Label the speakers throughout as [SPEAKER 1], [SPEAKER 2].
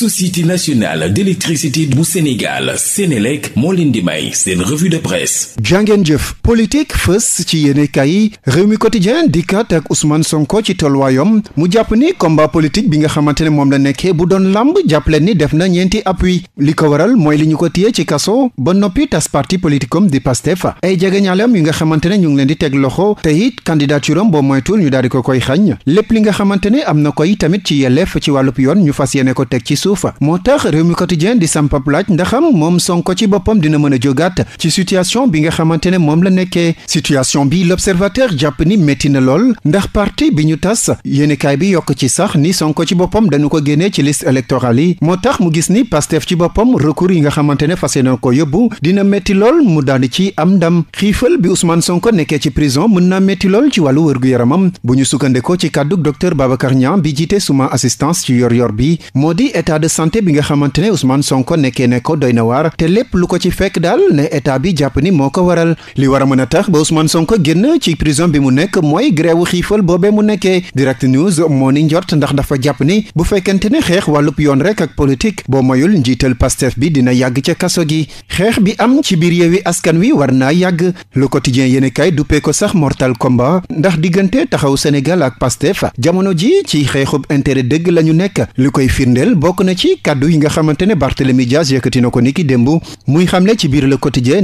[SPEAKER 1] société nationale d'électricité bu Sénégal Sénélec moo leen di may seen revue de presse jàngeen jëf politique fës ci yéene kaay yi réew mi quotidien dikkat ak Ousmane Sonko ci tolluwaayam mu jàpp ni combat politique bi nga xamante ne moom la nekkee bu doon làmb jàppaleen ni def na ñeenti appui li ko waral mooy li ñu ko téye ci kaso ba noppi tas parti politiquem di Pastef ay jegeñaaleem yi nga xamante ne ñu ngi leen di teg loxo te it candidature am boo moytul ñu daal di ko koy xañ lépp li nga xamante am na koy tamit ci yelleef ci wàllub yoon ñu fas yéene suufa moo tax réew mi quotidien di sampab laaj ndaxam moom Sonko ci boppam dina mën a jógaat ci situation bi nga xamante ne moom la nekkee situation bi l'observateur jàpp ni métti na lool ndax parti bi ñu tas yéenekaay bi yokk ci sax ni Sonko ci boppam dañu ko génnee ci liste électorale yi moo tax mu gis ni Pastef ci boppam recours yi nga xamante ne fase na ko yóbbu dina métti lool mu daal di ci am ndam xiifal bi Ousmane Sonko nekkee ci prison mën naa métti ci wàllu wërgu-yaramam bu ñu sukkandikoo ci kàddu docteur bi jiite suma assistance ci yor yor bi moo de santé bi nga xamante ne Ousmane Sonko nekkee ne ko doy na waar te lépp lu ko ci fekk daal ne état bi jàpp ni moo ko waral li war a mën a tax ba Ousmane Sonko génn ci prison bi mu nekk mooy grèwu xiifal boobee mu nekkee direct news moo ni njort ndax dafa jàpp ni bu fekkente ne xeex wàllub yoon rek ak politique boo moyul njiital Pastef bi dina yàgg ca kaso gi xeex bi am ci biir yeewi askan wi war naa yàgg le quotidien yéene kaay duppee ko sax mortal combat ndax diggante taxaw Sénégal ak Pastef jamono ji ci xeexub intérêt dëgg la ñu nekk li koy firndeel na ci kàddu yi nga xamante ne Barthélémy ko niki démb muy xamle ci biir Le Quotidien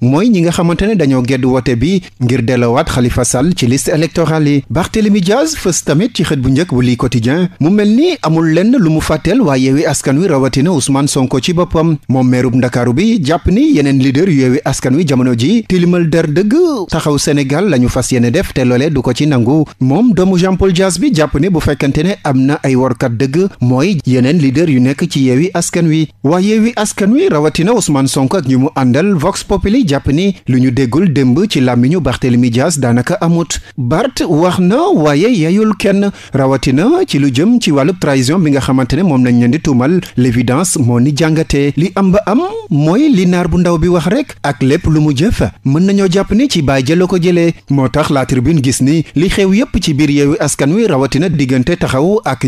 [SPEAKER 1] mooy ñi nga xamante ne dañoo gedd wote bi ngir dellowaat Khalifa Sall ci liste électorale yi Barthélémy Dias fës tamit ci xët bu njëkk bu lii Quotidien mu mel ni amul lenn lu mu fàtteel waa yeewi askan wi rawatina Ousmane Sonko ci boppam moom meerub Ndakaaru bi jàpp ni yeneen leader yu yeewi askan wi jamono ji tilimal der dëgg taxaw Sénégal lañu fas yéene def te loole du ko ci nangu moom doomu Jean Paul Dias bi jàpp ni bu fekkante ne am na ay workat dëgg mooy yeneen leader yu nekk ci yeewi askan wi waa yeewi askan wi rawatina Ousmane Sonko ak ñi mu àndal Vox Populi jàpp ni lu ñu déggul démb ci làmmiñu Barthélemy Dias daanaka amut Bart wax na waaye yayul kenn rawatina ci lu jëm ci wàllub trahison bi nga xamante ne moom lañ leen di tuumal l'évidence moo ni jàngatee li am ba am mooy li naar bu ndaw bi wax rek ak lépp lu mu jëf mën nañoo jàpp ni ci bàyyi jëla ko jëlee moo tax la tribune gis ni li xew yépp ci biir yeewi askan wi rawatina diggante taxaw ak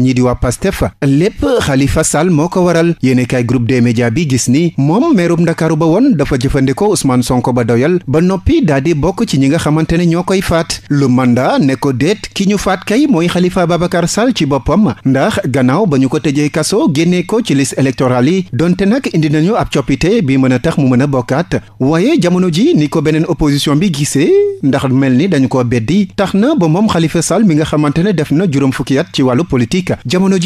[SPEAKER 1] lépp Khalifa Sall moo ko waral yéenekaay groupe de médias bi gis ni moom meerub ndakaaru ba woon dafa jëfandikoo Ousmane Sonko ba doyal ba noppi daal di bokk ci ñi nga xamante ne ñoo koy faat lu mandat ne ko déet ki ñu faat kay mooy Khalifa Babacar Sall ci boppam ndax gannaaw ba ñu ko tëjee kaso génnee ko ci liste électorale yi donte nag indi nañu ab coppite bi mën a tax mu mën a bokkaat waaye jamono ji ni ko beneen opposition bi gisee ndax mel ni dañu ko beddi tax na ba moom Khalifa Sall mi nga xamante ne def na juróom fukki at ci wàllu politique jamono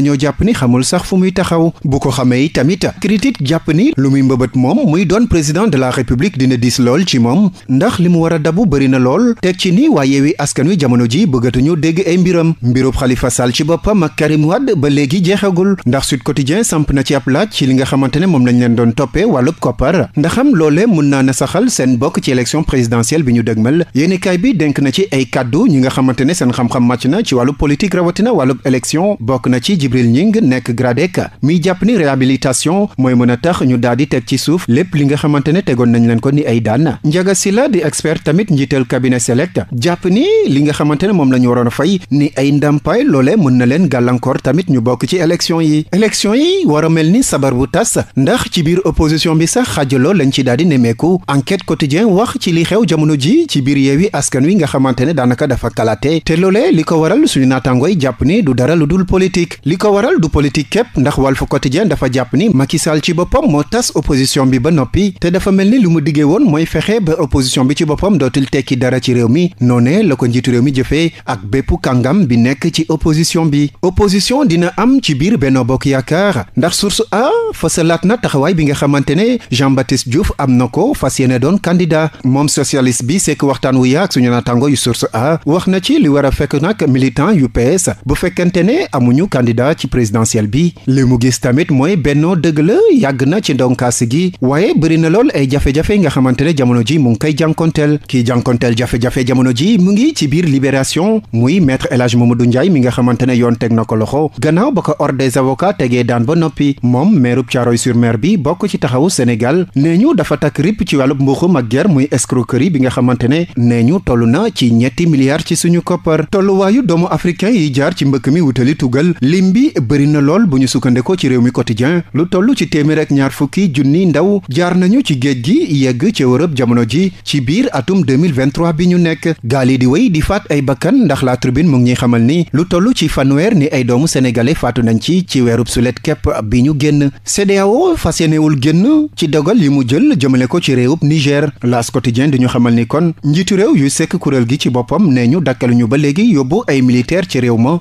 [SPEAKER 1] nañoo jàpp ni xamul sax fu muy taxaw bu ko xamee tamit critique jàpp ni lu muy mbëbët moom muy doon président de la république dina dis lool ci moom ndax li mu war a dabu bëri na lool teg ci ni waaye Yewwi Askan Wi jamono ji bëggatuñu dégg ay mbiram mbirub xalifa Sall ci boppam ak Karim Wade ba léegi jeexagul ndax Sud Quotidien samp na ci ab laaj ci li nga xamante ne moom lañ leen doon toppee wàllub koppar ndaxam loole mun naa na saxal seen bokk ci élection présidentielle bi ñu dëgmal yéenekaay bi dénk na ci ay kàddu ñi nga xamante ne seen xam-xam na ci wàllu politique rawatina wàllub élection Djibril Ñing nekk GRADEC muy jàpp ni réhabilitation mooy mën a tax ñu daal di teg ci suuf lépp li nga xamante ne tegoon nañ leen ko ni ay daan Njaga Sila di expert tamit njiital cabinet select jàpp ni li nga xamante ne moom la ñu waroon a fay ni ay ndàmpaay loole mën na leen gàllankoor tamit ñu bokk ci élection yi élection yi war a mel ni sabar bu tas ndax ci biir opposition bi sax xaajaloo lañ ci daal di nemmeeku enquête quotidien wax ci li xew jamono ji ci biir yeewi askan wi nga xamante ne daanaka dafa kalaate te loole li ko waral suñu naataangooy jàpp ni du dara lu dul ko waral du politique képp ndax Walf Quotidien dafa jàpp ni Macky Sall ci boppam moo tas opposition bi ba noppi te dafa mel ni lu mu diggee woon mooy fexe ba opposition bi ci boppam dootul tekki dara ci réew mi noonee la ko njiitu réew mi jëfee ak bépp kàngam bi nekk ci opposition bi opposition dina am ci biir benn Bokk Yaakaar ndax source a fasalaat na taxawaay bi nga xamante ne Jean-Baptiste Diouf am na ko fas yéene doon candidat moom socialiste bi sekk waxtaan wu yaak suñu naataango yu source a wax na ci li war a fekk nag militant yu PS bu fekkente ne amuñu candidat candidat ci présidentielle bi li mu gis tamit mooy bennoo dëgg la yàgg na ci ndonkaas gi waaye bëri na lool ay jafe-jafe yi nga xamante ne jamono ji mu ngi koy jànkonteel kii jànkonteel jafe-jafe jamono ji mu ngi ci biir libération muy maître El Hadj Mamadou Ndiaye mi nga xamante ne yoon teg na ko loxo gannaaw ba ko ordre des avocats tegee daan ba noppi moom meerub Thiaroye sur Mer bi bokk ci taxawu Sénégal nee ñu dafa takk ripp ci wàllu mbuuxum ak ger muy escroquerie bi nga xamante ne nee ñu toll na ci ñetti milliards ci suñu koppar tolluwaayu doomu mi bi bëri na lool bu ñu sukkandikoo ci réew mi quotidien lu toll ci téeméer ak ñaar fukki junni ndaw jaar nañu ci géej gi yegg ci Europe jamono ji ci biir atum 2023 bi ñu nekk gaal yi di wéy di faat ay bakkan ndax la tribune mu ngi ñuy xamal ni lu toll ci fanweer ni ay doomu sénégalais faatu nañ ci ci weerub sulet képp bi ñu génn CEDEAO fa yéenewul génn ci dogal yi mu jël jëmale ko ci réewub Niger L'As Quotidien di ñu xamal ni kon njiitu réew yu sekk kuréel gi ci boppam ne ñu dakkaluñu ba léegi yóbbu ay ci réew ma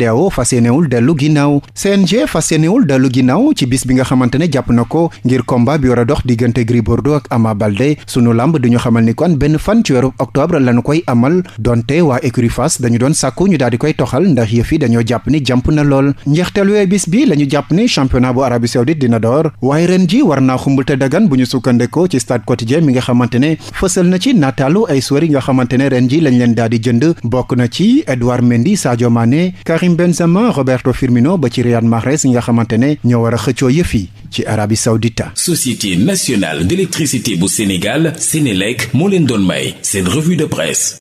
[SPEAKER 1] CEDEAO fas yéenewul dellu ginnaaw CNG fas yéenewul dellu ginnaaw ci bis bi nga xamante ne jàpp na ko ngir combat bi war a dox diggante Gris Bordeaux ak Ama Baldé sunu lamb duñu xamal ni kon benn fan ci weeru octobre lañu koy amal donte waa écurie Fass dañu doon sàkku ñu daal di koy toxal ndax yëf yi dañoo jàpp ni jàmp na lool njeexteelu wee bis bi lañu jàpp ni championnat bu Arabie Saoudite dina door waaye ren ji war naa xumbalte dagan bu ñu sukkandekoo ci stade quotidien mi nga xamante ne fësal na ci nataalu ay suwar yi nga xamante ne ren ji lañ leen daal di jënd bokk na ci Edouard Mendy Sadio Mané Karim Karim Benzema Roberto Firmino ba ci Riyad Mahrez nga xamante ne ñoo war a xëccoo yëf yi ci Arabie Saoudite Société nationale d'électricité bu Sénégal Sénélec moo leen doon may seen revue de presse